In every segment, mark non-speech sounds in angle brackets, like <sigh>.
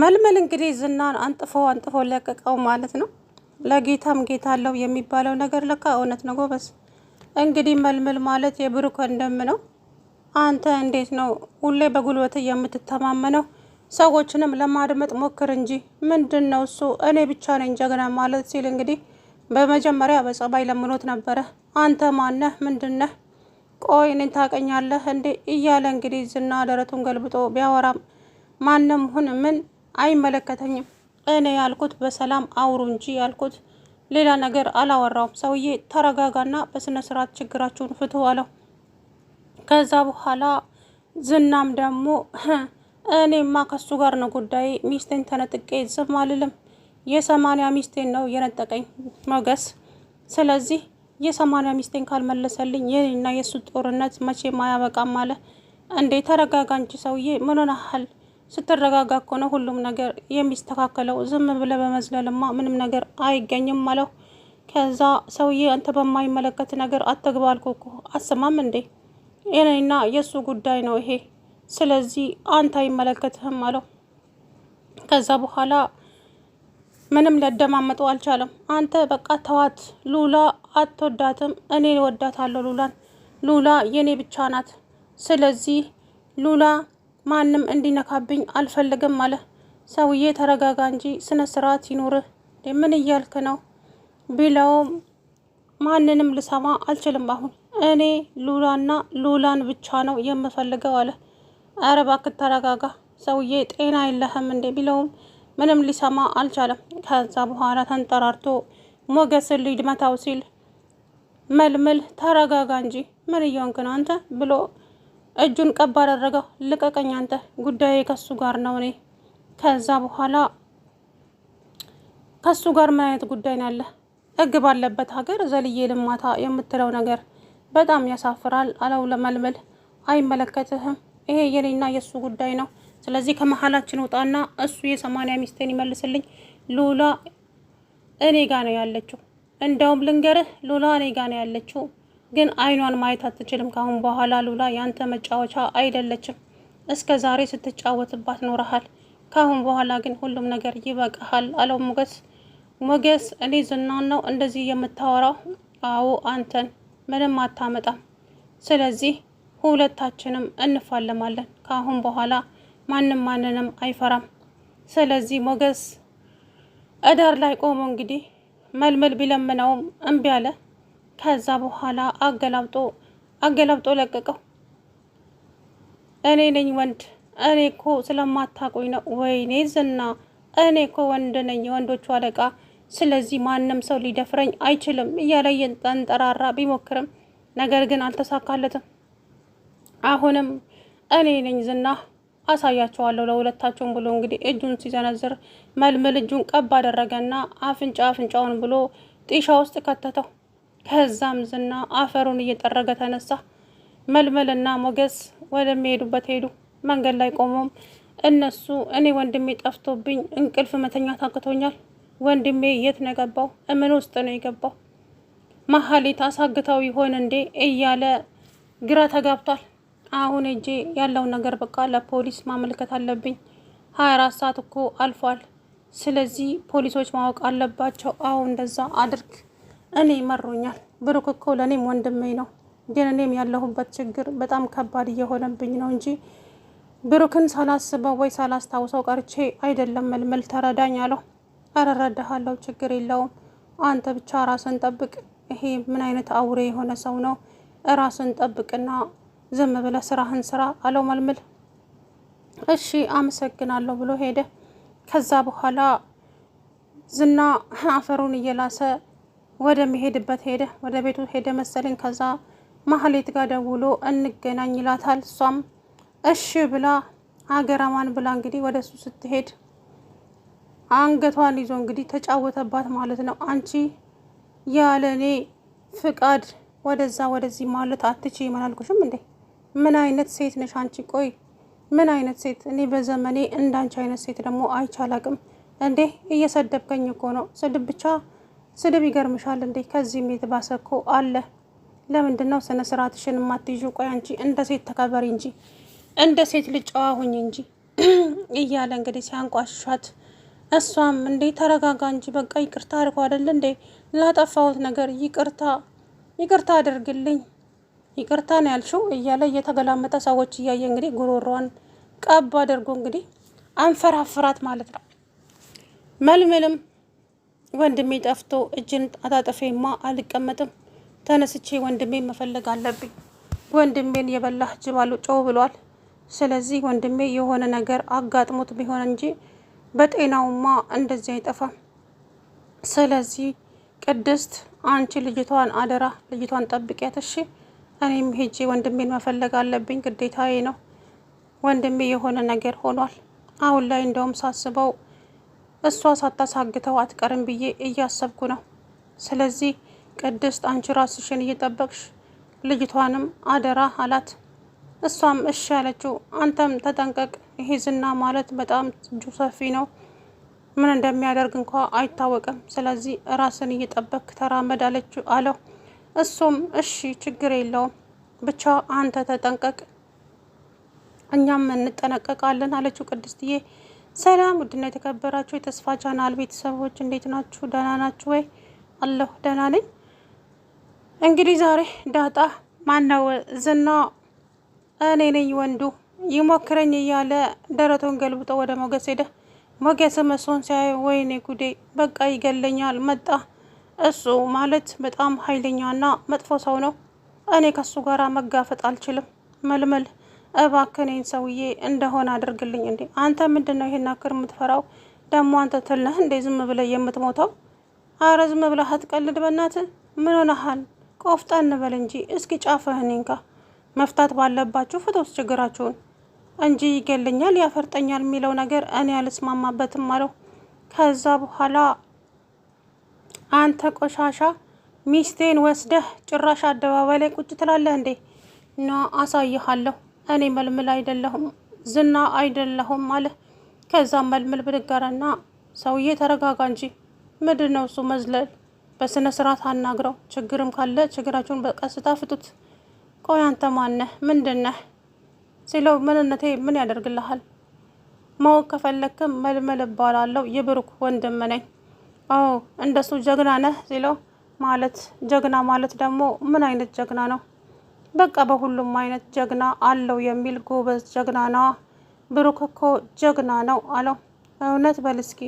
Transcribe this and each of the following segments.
መልመል እንግዲህ ዝናን አንጥፎ አንጥፎ ለቀቀው ማለት ነው። ለጌታም ጌታ አለው የሚባለው ነገር ለካ እውነት ነው ጎበዝ። እንግዲህ መልመል ማለት የብሩክ ወንድም ነው። አንተ እንዴት ነው ሁሌ በጉልበት የምትተማመነው? ሰዎችንም ለማድመጥ ሞክር እንጂ ምንድን ነው እሱ እኔ ብቻ ነኝ ጀግና ማለት ሲል እንግዲህ በመጀመሪያ በጸባይ ለምኖት ነበረ። አንተ ማነህ? ምንድነህ? ቆይ እኔን ታቀኛለህ እንዴ? እያለ እንግዲህ ዝና ደረቱን ገልብጦ ቢያወራም ማንም ሁን ምን አይመለከተኝም። እኔ ያልኩት በሰላም አውሩ እንጂ ያልኩት ሌላ ነገር አላወራውም። ሰውዬ ተረጋጋና በስነ ስርዓት ችግራችሁን ፍቱ አለው። ከዛ በኋላ ዝናም ደግሞ <clears throat> እኔማ ከሱ ጋር ነው ጉዳይ፣ ሚስቴን ተነጥቄ ዝም አልልም። የሰማንያ ሚስቴን ነው የነጠቀኝ ሞገስ። ስለዚህ የሰማንያ ሚስቴን ካልመለሰልኝ ይህና የእሱ ጦርነት መቼም አያበቃም አለ። እንዴ ተረጋጋ እንጂ ሰውዬ ምን ሆነሃል? ስትረጋጋ እኮ ነው ሁሉም ነገር የሚስተካከለው። ዝም ብለ በመዝለልማ ምንም ነገር አይገኝም አለው። ከዛ ሰውዬ አንተ በማይመለከት ነገር አተግባልኩ እኮ አሰማም እንዴ? የኔና የእሱ ጉዳይ ነው ይሄ። ስለዚህ አንተ አይመለከትህም አለው። ከዛ በኋላ ምንም ሊያደማመጡ አልቻለም። አንተ በቃ ተዋት፣ ሉላ አትወዳትም፣ እኔ ወዳታለሁ ሉላን። ሉላ የኔ ብቻ ናት። ስለዚህ ሉላ ማንም እንዲነካብኝ አልፈልግም አለ። ሰውዬ ተረጋጋ እንጂ ስነ ስርዓት ይኑርህ፣ ምን እያልክ ነው ቢለውም ማንንም ልሰማ አልችልም። አሁን እኔ ሉላና ሉላን ብቻ ነው የምፈልገው አለ። ኧረ እባክህ ተረጋጋ ሰውዬ ጤና የለህም እንዴ ቢለውም ምንም ሊሰማ አልቻለም። ከዛ በኋላ ተንጠራርቶ ሞገስን ሊድመታው ሲል መልምል ተረጋጋ እንጂ ምን እየሆንክ ነው አንተ ብሎ እጁን ቀብ አደረገው። ልቀቀኝ አንተ፣ ጉዳዩ ከሱ ጋር ነው። እኔ ከዛ በኋላ ከሱ ጋር ምን አይነት ጉዳይ ነው ያለ? ህግ ባለበት ሀገር ዘልዬ ልማታ የምትለው ነገር በጣም ያሳፍራል አለው ለመልመል። አይመለከትህም፣ ይሄ የኔና የእሱ ጉዳይ ነው። ስለዚህ ከመሀላችን ውጣና እሱ የሰማንያ ሚስቴን ይመልስልኝ። ሉላ እኔ ጋ ነው ያለችው። እንደውም ልንገርህ፣ ሉላ እኔ ጋ ነው ያለችው ግን አይኗን ማየት አትችልም ካሁን በኋላ ሉላ ያንተ መጫወቻ አይደለችም። እስከ ዛሬ ስትጫወትባት ኖረሃል። ካሁን በኋላ ግን ሁሉም ነገር ይበቃሃል አለው ሞገስ። ሞገስ እኔ ዝናን ነው እንደዚህ የምታወራው? አዎ አንተን፣ ምንም አታመጣም። ስለዚህ ሁለታችንም እንፋለማለን። ካሁን በኋላ ማንም ማንንም አይፈራም። ስለዚህ ሞገስ እዳር ላይ ቆሞ እንግዲህ መልመል ቢለምነውም እምቢ አለ። ከዛ በኋላ አገላብጦ አገላብጦ ለቀቀው። እኔ ነኝ ወንድ፣ እኔ እኮ ስለማታቆኝ ነው። ወይኔ ዝና፣ እኔ እኮ ወንድ ነኝ፣ የወንዶቹ አለቃ። ስለዚህ ማንም ሰው ሊደፍረኝ አይችልም እያለ እየተንጠራራ ቢሞክርም ነገር ግን አልተሳካለትም። አሁንም እኔ ነኝ ዝና አሳያቸዋለሁ ለሁለታቸውም ብሎ እንግዲህ እጁን ሲዘነዝር መልምል እጁን ቀብ አደረገና አፍንጫ አፍንጫውን ብሎ ጢሻ ውስጥ ከተተው። ከዛም ዝና አፈሩን እየጠረገ ተነሳ። መልመልና ሞገስ ወደሚሄዱበት ሄዱ። መንገድ ላይ ቆሞም እነሱ እኔ ወንድሜ ጠፍቶብኝ እንቅልፍ መተኛ ታክቶኛል። ወንድሜ የት ነው የገባው? እምን ውስጥ ነው የገባው? መሀሌት አሳግታው ይሆን እንዴ እያለ ግራ ተጋብቷል። አሁን እጄ ያለውን ነገር በቃ ለፖሊስ ማመልከት አለብኝ። ሀያ አራት ሰዓት እኮ አልፏል። ስለዚህ ፖሊሶች ማወቅ አለባቸው። አዎ እንደዛ አድርግ እኔ ይመሩኛል። ብሩክ እኮ ለእኔም ወንድሜ ነው፣ ግን እኔም ያለሁበት ችግር በጣም ከባድ እየሆነብኝ ነው እንጂ ብሩክን ሳላስበው ወይ ሳላስታውሰው ቀርቼ አይደለም። መልምል ተረዳኝ አለው። ኧረ እረዳሃለሁ፣ ችግር የለውም። አንተ ብቻ ራስን ጠብቅ። ይሄ ምን አይነት አውሬ የሆነ ሰው ነው? ራስን ጠብቅና ዝም ብለ ስራህን ስራ አለው መልምል እሺ አመሰግናለሁ ብሎ ሄደ። ከዛ በኋላ ዝና አፈሩን እየላሰ ወደሚሄድበት ሄደ። ወደ ቤቱ ሄደ መሰለኝ። ከዛ ማህሌት ጋር ደውሎ እንገናኝ ይላታል። እሷም እሺ ብላ አገራማን ብላ እንግዲህ ወደ እሱ ስትሄድ አንገቷን ይዞ እንግዲህ ተጫወተባት ማለት ነው። አንቺ ያለ እኔ ፍቃድ ወደዛ ወደዚህ ማለት አትች ይመላልኩሽም እንዴ? ምን አይነት ሴት ነሽ አንቺ? ቆይ ምን አይነት ሴት እኔ በዘመኔ እንዳንቺ አይነት ሴት ደግሞ አይቻላቅም እንዴ! እየሰደብከኝ እኮ ነው። ስድብ ብቻ ስድብ ይገርምሻል እንዴ? ከዚህም የተባሰ እኮ አለ። ለምንድን ነው ስነ ስርዓትሽን የማትይዙ? ቆይ አንቺ እንደ ሴት ተከበሪ እንጂ እንደ ሴት ልጅ ሁኝ እንጂ <clears throat> እያለ እንግዲህ ሲያንቋሻት፣ እሷም እንዴ ተረጋጋ እንጂ በቃ ይቅርታ አድርጎ አይደል እንዴ ላጠፋሁት ነገር ይቅርታ ይቅርታ አድርግልኝ ይቅርታ ነው ያልሽው እያለ እየተገላመጠ ሰዎች እያየ እንግዲህ ጉሮሯን ቀብ አድርጎ እንግዲህ አንፈራፍራት ማለት ነው መልምልም ወንድሜ ጠፍቶ እጅን አታጥፌማ አልቀመጥም። ተነስቼ ወንድሜን መፈለግ አለብኝ። ወንድሜን የበላህ ጅባሉ ጮው ብሏል። ስለዚህ ወንድሜ የሆነ ነገር አጋጥሞት ቢሆን እንጂ በጤናውማ እንደዚህ አይጠፋም። ስለዚህ ቅድስት አንቺ ልጅቷን አደራ ልጅቷን ጠብቂያት እሺ። እኔም ሄጄ ወንድሜን መፈለግ አለብኝ፣ ግዴታዬ ነው። ወንድሜ የሆነ ነገር ሆኗል። አሁን ላይ እንደውም ሳስበው እሷ ሳታሳግተው አትቀርም ብዬ እያሰብኩ ነው። ስለዚህ ቅድስት አንቺ ራስሽን እየጠበቅሽ ልጅቷንም አደራ አላት። እሷም እሺ ያለችው አንተም ተጠንቀቅ፣ ይሄ ዝና ማለት በጣም እጁ ሰፊ ነው። ምን እንደሚያደርግ እንኳ አይታወቅም። ስለዚህ ራስን እየጠበቅ ተራመድ አለችው አለው። እሱም እሺ ችግር የለውም ብቻ አንተ ተጠንቀቅ፣ እኛም እንጠነቀቃለን አለችው ቅድስትዬ ሰላም ውድና የተከበራችሁ የተስፋ ቻናል ቤተሰቦች እንዴት ናችሁ? ደህና ናችሁ ወይ? አለሁ ደህና ነኝ። እንግዲህ ዛሬ ዳጣ ማነው ዝና እኔ ነኝ ወንዱ ይሞክረኝ እያለ ደረቱን ገልብጦ ወደ ሞገስ ሄደ። ሞገስ መሶን ሲያይ ወይኔ ጉዴ በቃ ይገለኛል መጣ። እሱ ማለት በጣም ኃይለኛና መጥፎ ሰው ነው። እኔ ከሱ ጋር መጋፈጥ አልችልም። መልመል እባክኔን ሰውዬ እንደሆነ አድርግልኝ። እንዴ አንተ ምንድን ነው ይሄን አክር የምትፈራው? ደግሞ አንተ ትል እንዴ ዝም ብለህ የምትሞተው? አረ ዝም ብለህ አትቀልድ በእናትህ። ምን ሆነሃል? ቆፍጠን በል እንጂ እስኪ ጫፍህን መፍታት ባለባችሁ ፍቶስ ችግራችሁን እንጂ ይገልኛል ያፈርጠኛል የሚለው ነገር እኔ አልስማማበትም አለው። ከዛ በኋላ አንተ ቆሻሻ ሚስቴን ወስደህ ጭራሽ አደባባይ ላይ ቁጭ ትላለህ እንዴ? ና አሳይሃለሁ። እኔ መልምል አይደለሁም ዝና አይደለሁም አለ። ከዛም መልምል ብድገረና ሰውዬ ተረጋጋ እንጂ ምንድን ነው እሱ መዝለል? በስነ ስርዓት አናግረው፣ ችግርም ካለ ችግራችሁን በቀስታ ፍቱት። ቆይ አንተ ማነህ ምንድን ነህ ሲለው ምንነቴ ምን ያደርግልሃል? ማወቅ ከፈለክም መልመል እባላለሁ የብሩክ ወንድም ነኝ። አዎ እንደሱ ጀግና ነህ ሲለው ማለት ጀግና ማለት ደግሞ ምን አይነት ጀግና ነው? በቃ በሁሉም አይነት ጀግና አለው የሚል ጎበዝ ጀግና ነዋ። ብሩክ እኮ ጀግና ነው አለው። እውነት በል እስኪ።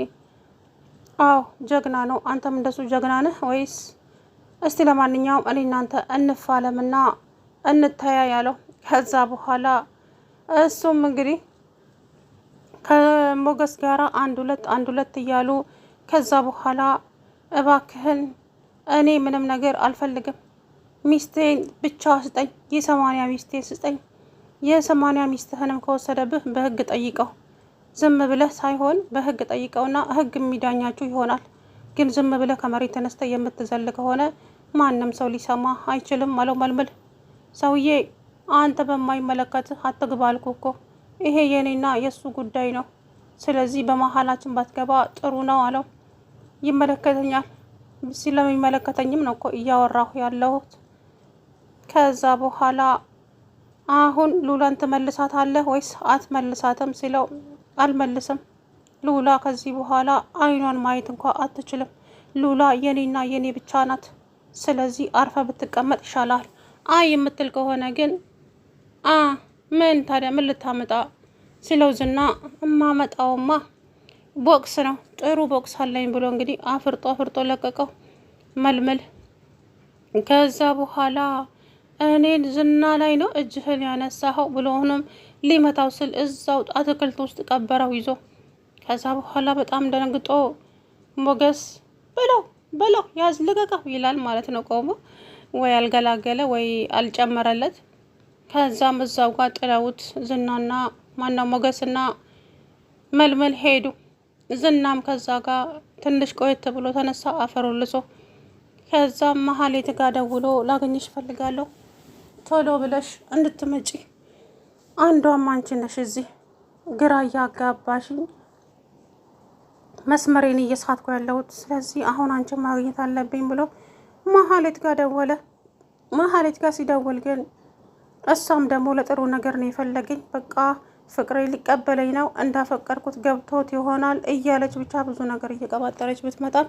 አዎ ጀግና ነው። አንተም እንደሱ ጀግና ነህ ወይስ? እስቲ ለማንኛውም እኔ እናንተ እንፋለምና እንታያ ያለው። ከዛ በኋላ እሱም እንግዲህ ከሞገስ ጋራ አንድ ሁለት አንድ ሁለት እያሉ ከዛ በኋላ እባክህን እኔ ምንም ነገር አልፈልግም ሚስቴን ብቻ ስጠኝ፣ የሰማንያ ሚስቴን ስጠኝ። የሰማንያ ሚስትህንም ከወሰደብህ በህግ ጠይቀው። ዝም ብለህ ሳይሆን በህግ ጠይቀውና ህግ የሚዳኛችሁ ይሆናል። ግን ዝም ብለህ ከመሬት ተነስተ የምትዘል ከሆነ ማንም ሰው ሊሰማ አይችልም አለው መልምል። ሰውዬ አንተ በማይመለከትህ አትግባ አልኩህ እኮ ይሄ የኔና የእሱ ጉዳይ ነው። ስለዚህ በመሀላችን ባትገባ ጥሩ ነው አለው። ይመለከተኛል። ስለሚመለከተኝም ነው እኮ እያወራሁ ያለሁት ከዛ በኋላ አሁን ሉላን ትመልሳታለህ ወይስ አትመልሳትም ሲለው አልመልስም፣ ሉላ ከዚህ በኋላ አይኗን ማየት እንኳ አትችልም። ሉላ የኔና የኔ ብቻ ናት። ስለዚህ አርፈ ብትቀመጥ ይሻላል። አይ የምትል ከሆነ ግን አ ምን ታዲያ ምን ልታመጣ ሲለው ዝና እማመጣውማ ቦክስ ነው ጥሩ ቦክስ አለኝ ብሎ እንግዲህ አፍርጦ አፍርጦ ለቀቀው መልምል ከዛ በኋላ እኔን ዝና ላይ ነው እጅህን ያነሳኸው ብሎ ሊመታው ስል እዛው አትክልት ውስጥ ቀበረው ይዞ። ከዛ በኋላ በጣም ደንግጦ ሞገስ በለው በለው ያዝ ልቀቀው ይላል ማለት ነው። ቆሞ ወይ አልገላገለ ወይ አልጨመረለት። ከዛም እዛው ጋር ጥለውት ዝናና ማናው ሞገስና መልመል ሄዱ። ዝናም ከዛ ጋር ትንሽ ቆየት ብሎ ተነሳ አፈሩ ልሶ። ከዛም መሀሌት ጋር ደውሎ ላገኘሽ ፈልጋለሁ። ቶሎ ብለሽ እንድትመጪ። አንዷም አንቺ ነሽ እዚህ ግራ እያጋባሽኝ መስመሬን እየሳትኩ ያለሁት። ስለዚህ አሁን አንቺ ማግኘት አለብኝ ብሎ መሀሌት ጋር ደወለ። መሀሌት ጋር ሲደውል ግን እሷም ደግሞ ለጥሩ ነገር ነው የፈለገኝ፣ በቃ ፍቅሬ ሊቀበለኝ ነው እንዳፈቀድኩት ገብቶት ይሆናል እያለች ብቻ ብዙ ነገር እየቀባጠረች ብትመጣም